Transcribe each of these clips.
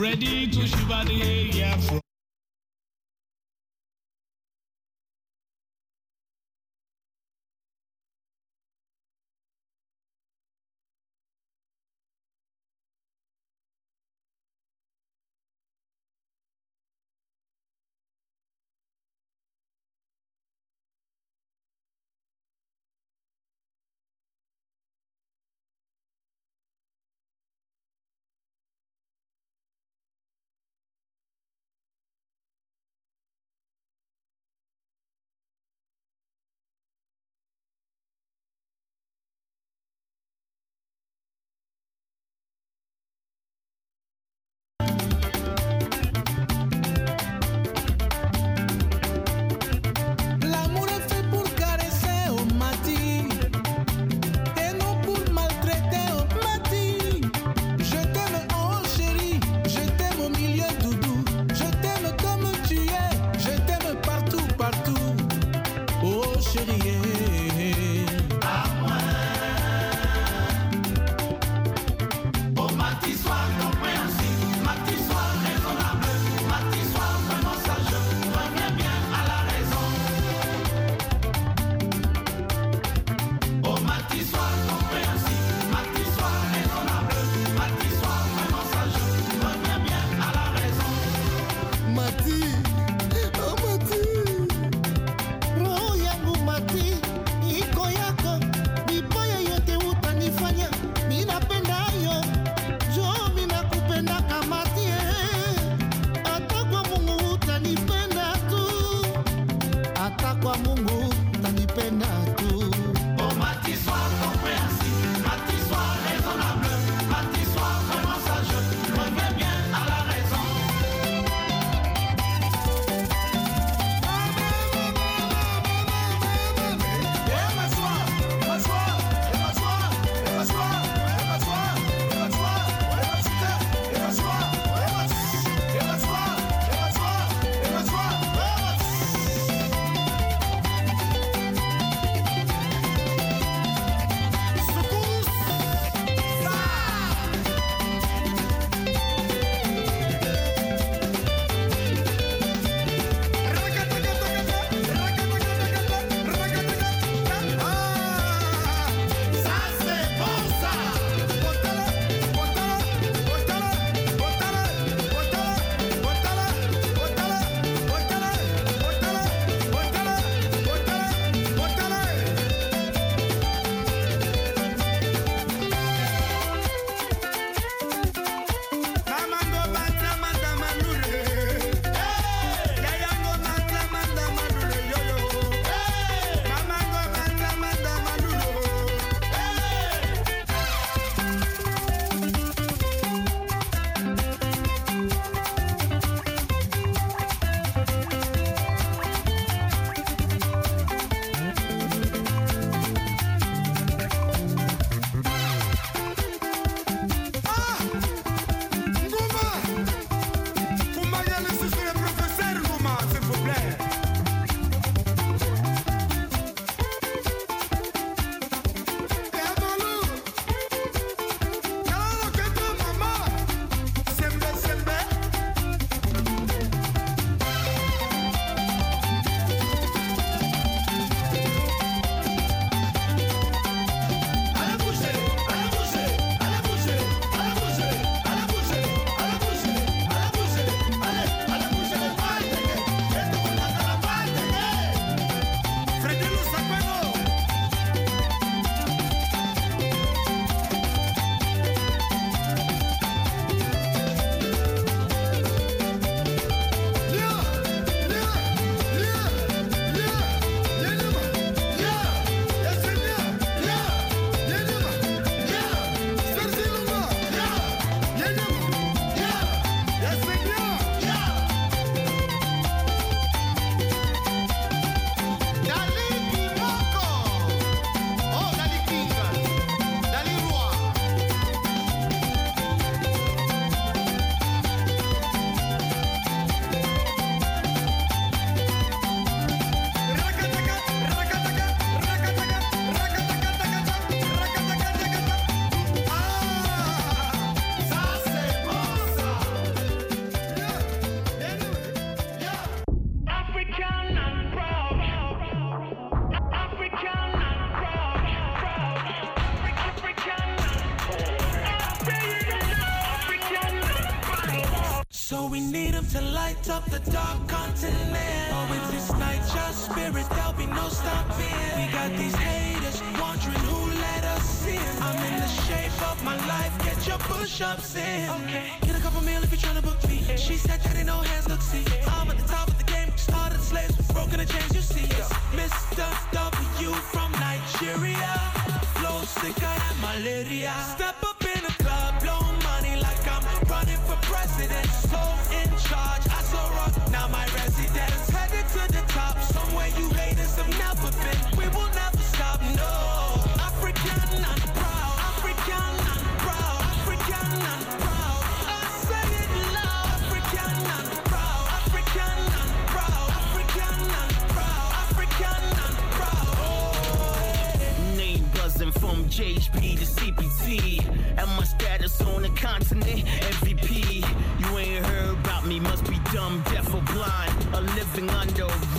ready to shiver the air from. combinado. think I have malaria. Step up in the club, blow money like I'm running for president. So in charge, I so rock, now my residence. Headed to the top, somewhere you haters have never been. We will never stop, no. JHP to CPT. And my status on the continent, MVP. You ain't heard about me, must be dumb, deaf, or blind. Or living under a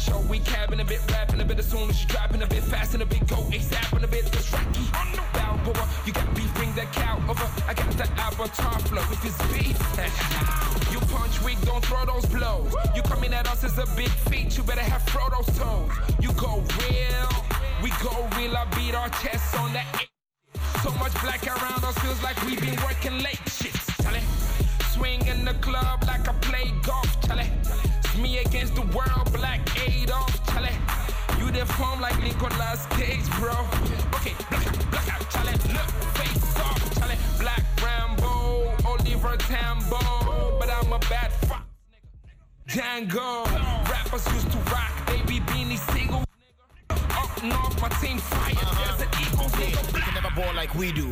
show. We cabin a bit, rapping a bit as soon as you dropping a bit fast and a bit go ASAP and a bit. It's Rocky on the Balboa. You got beef, bring that cow over. I got that avatar flow. If it's beef, you punch weak, don't throw those blows. You coming at us as a big feat, you better have Frodo's toes. You go real, we go real. I beat our chests on that. So much black around us feels like we've been working late. Shit, Charlie. Swing in the club like I play golf, Tell it. It's me against the world, black do the form like Nicolas Cage, bro. Okay, black black out, challenge. look, face off, challenge. black Rambo, Oliver Tambo, but I'm a bad fuck. Django, rappers used to rock, baby beanie single. Up north, my team fire, there's an eagle ball like we do.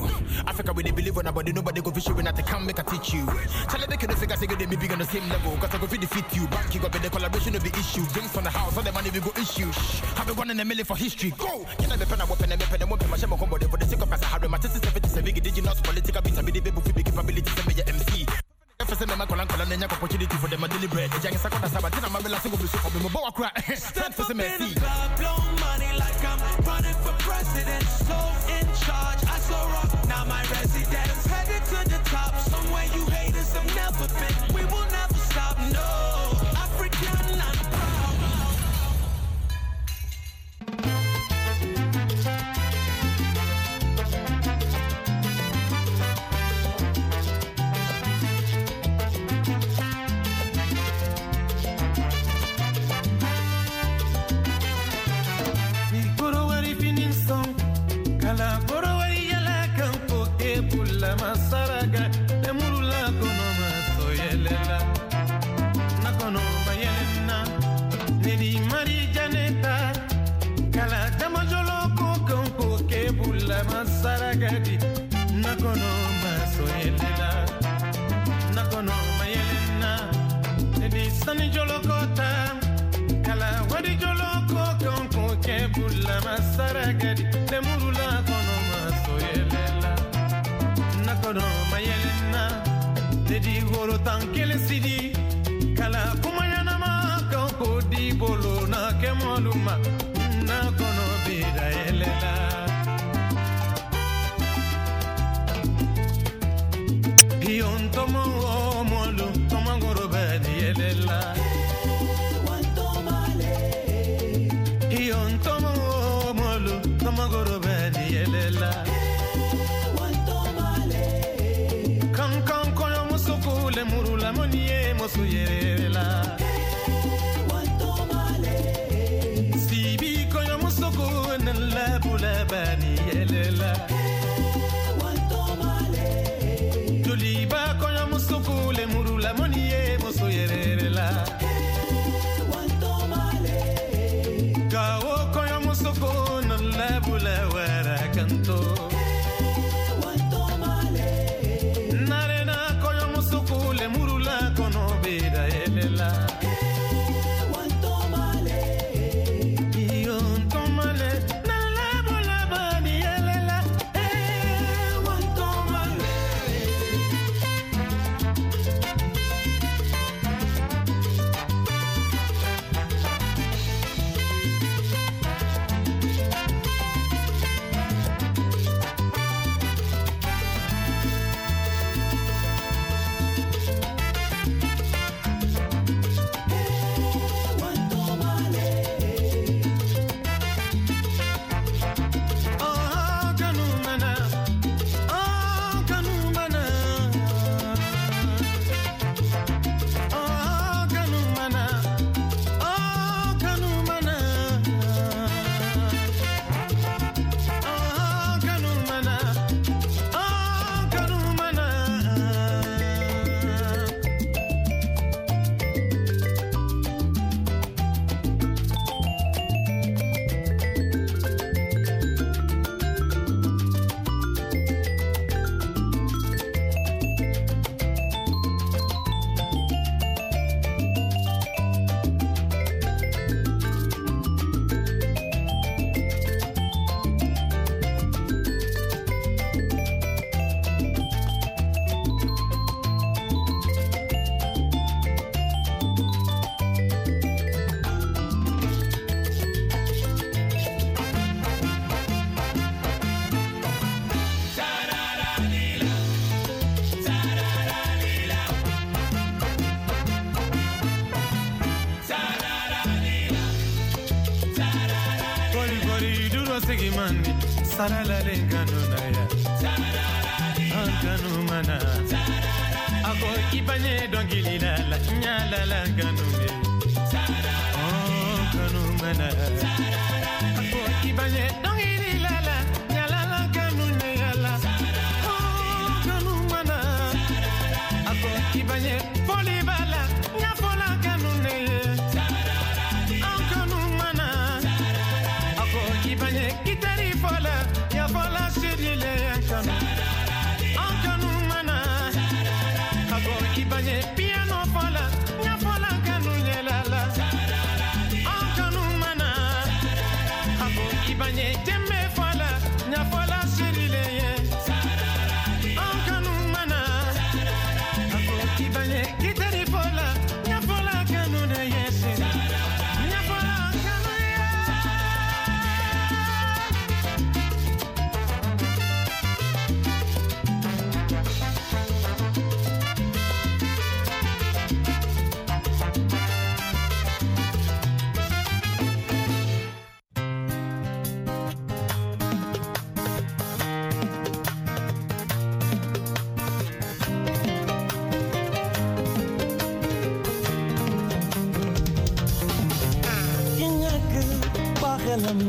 Africa, we they believe on nobody, nobody go fish when I can make a teach you. Tell them they can figure say they be on the same level. Cause I go fit defeat you. Back you got in the collaboration of the issue. Drinks on the house, all the money we go issue. Shh. Have been one in a million for history. Go! Can I be pen a weapon and weapon and weapon? My shame on combo for the sake of us. I have my sister 77 big. Did you know political beats? I be the baby with big capabilities. I'm MC. I'm makola nkola nenya them a deliberate eja ngisa kwa saba tina mabela singo bisu kwa bimbo wa kra step fese me see blow money like I'm running for president in charge I rock now my residence headed to the top somewhere you haters have never been tan kelen sigi kala kuma ɲanama kan ko di bolo na kɛ mɔlu ma na kɔnɔ bira yɛlɛla piyon tɔmɔ mɔlu tɔmɔkɔrɔ bɛ di yɛlɛla soy saralale ngano na ya angano mana akoki banye dongili lala nyalala ngano me ngano mana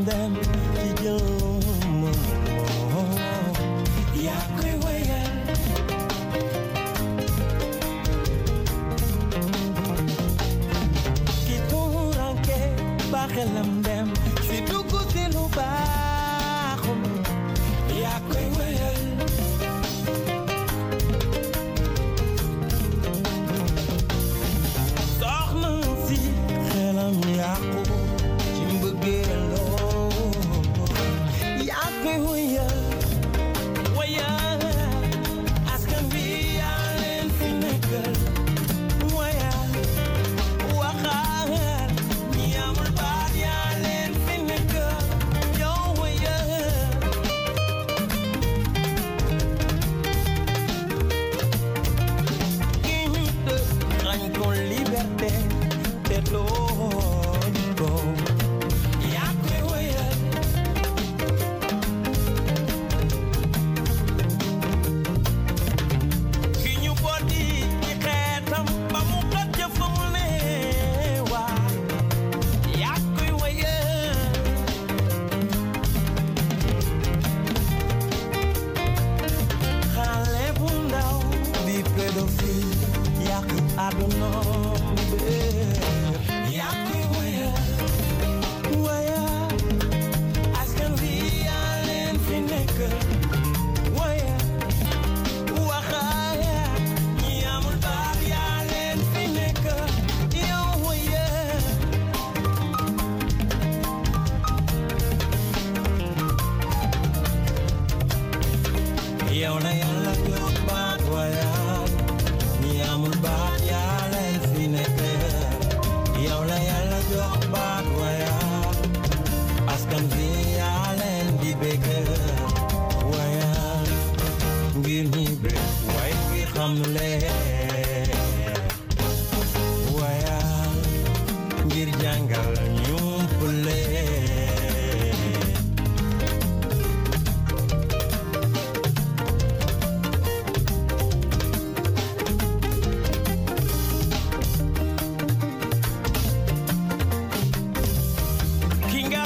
them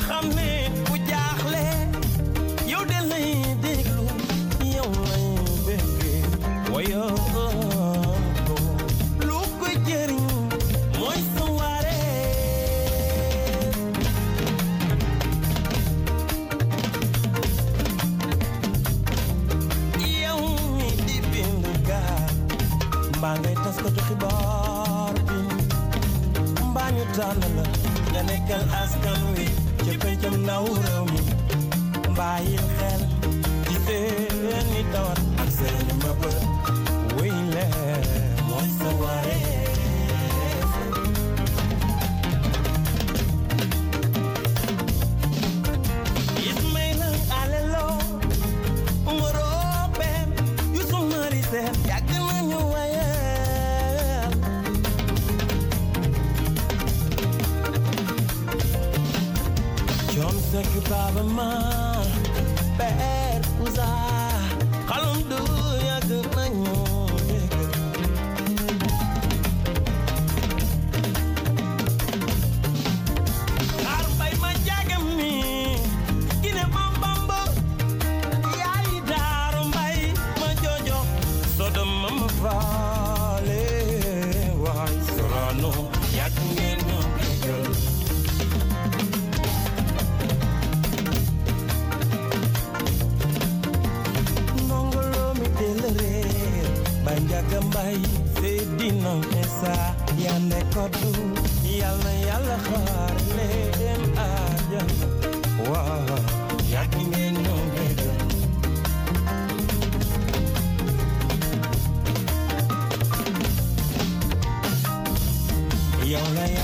חמש Sanki babama, ben uza, kalundu. I te dina esa yande kodu yàlla yàlla xaar leen àjjana waaw yàgg ngeen ñoo bëgg yow la ñi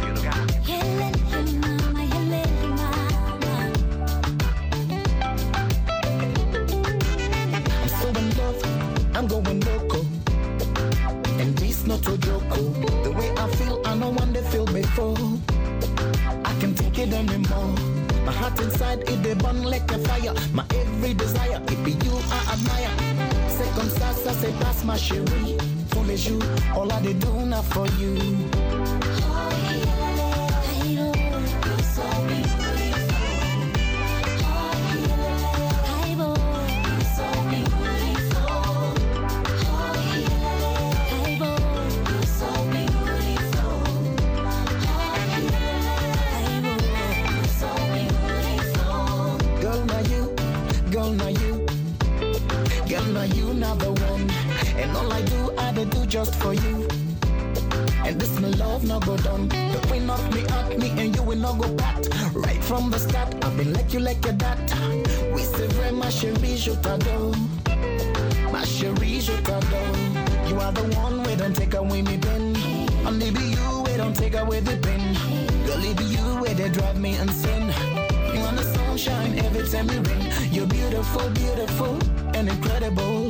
ça c'est passe ma chérie. Tous les jours, all I do now for you. And all I do, I do, do just for you. And this my love no go down. The queen of me at me and you will not go back. Right from the start, I've been like you like your dad. We say very ma chérie, je t'adore. Ma chérie, je t'adore. You are the one we don't take away me pen. Only be you we don't take away the pen. Girl, it be you where they drive me insane. You want the sunshine every time you rain. You're beautiful, beautiful and incredible.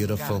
beautiful.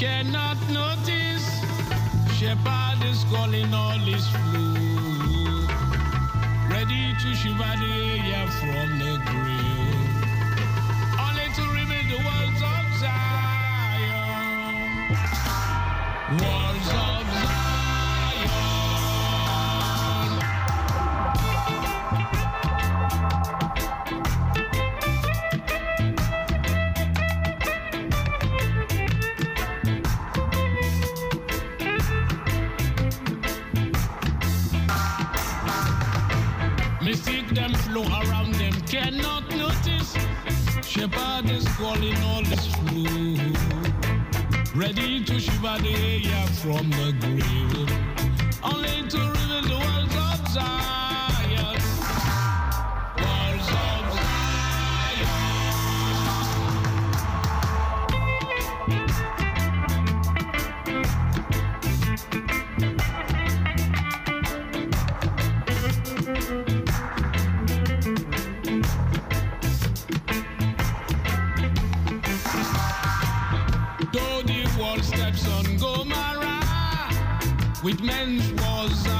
cannot notice. Shepherd is calling Whitman was. Uh,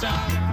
time.